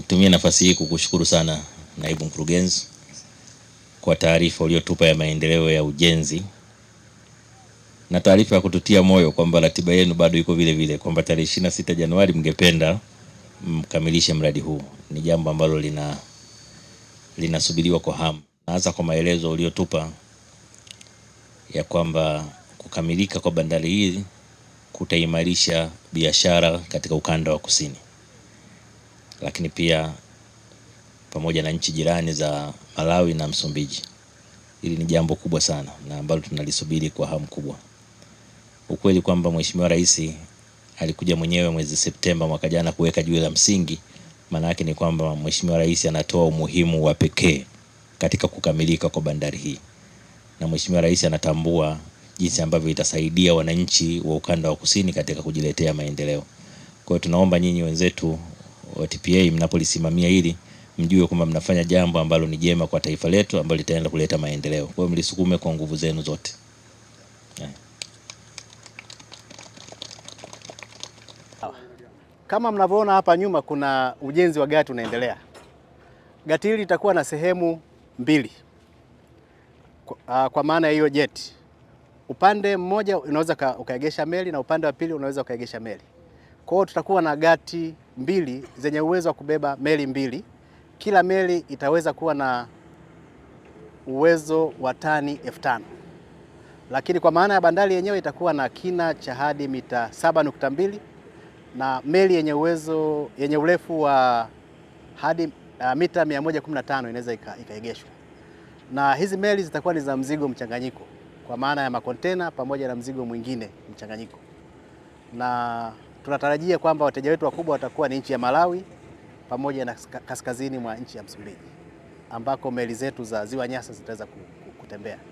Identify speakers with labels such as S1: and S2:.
S1: Nitumie nafasi hii kukushukuru sana naibu mkurugenzi kwa taarifa uliotupa ya maendeleo ya ujenzi na taarifa ya kututia moyo kwamba ratiba yenu bado iko vile vile, kwamba tarehe sita Januari mngependa mkamilishe mradi huu. Ni jambo ambalo lina linasubiriwa kwa hamu, na hasa kwa maelezo uliotupa ya kwamba kukamilika kwa bandari hii kutaimarisha biashara katika ukanda wa kusini lakini pia pamoja na nchi jirani za Malawi na Msumbiji. Hili ni jambo kubwa sana na ambalo tunalisubiri kwa hamu kubwa. Ukweli kwamba Mheshimiwa Rais alikuja mwenyewe mwezi Septemba mwaka jana kuweka jiwe la msingi, maana yake ni kwamba Mheshimiwa Rais anatoa umuhimu wa pekee katika kukamilika kwa bandari hii, na Mheshimiwa Rais anatambua jinsi ambavyo itasaidia wananchi wa ukanda wa kusini katika kujiletea maendeleo. Kwa hiyo tunaomba nyinyi wenzetu wa TPA mnapolisimamia hili mjue kwamba mnafanya jambo ambalo ni jema kwa taifa letu ambalo litaenda kuleta maendeleo. Kwa hiyo mlisukume kwa nguvu zenu zote.
S2: Kama mnavyoona hapa nyuma kuna ujenzi wa gati unaendelea. Gati hili litakuwa na sehemu mbili kwa, ah, kwa maana hiyo jeti upande mmoja unaweza ukaegesha meli na upande wa pili unaweza ukaegesha meli. Kwa hiyo tutakuwa na gati mbili zenye uwezo wa kubeba meli mbili. Kila meli itaweza kuwa na uwezo wa tani elfu tano lakini kwa maana ya bandari yenyewe itakuwa na kina cha hadi mita 7.2 na meli yenye uwezo yenye urefu wa hadi uh, mita 115 inaweza ikaegeshwa, na hizi meli zitakuwa ni za mzigo mchanganyiko, kwa maana ya makontena pamoja na mzigo mwingine mchanganyiko na tunatarajia kwamba wateja wetu wakubwa watakuwa ni nchi ya Malawi pamoja na kaskazini mwa nchi ya Msumbiji ambako meli zetu za Ziwa Nyasa zitaweza kutembea.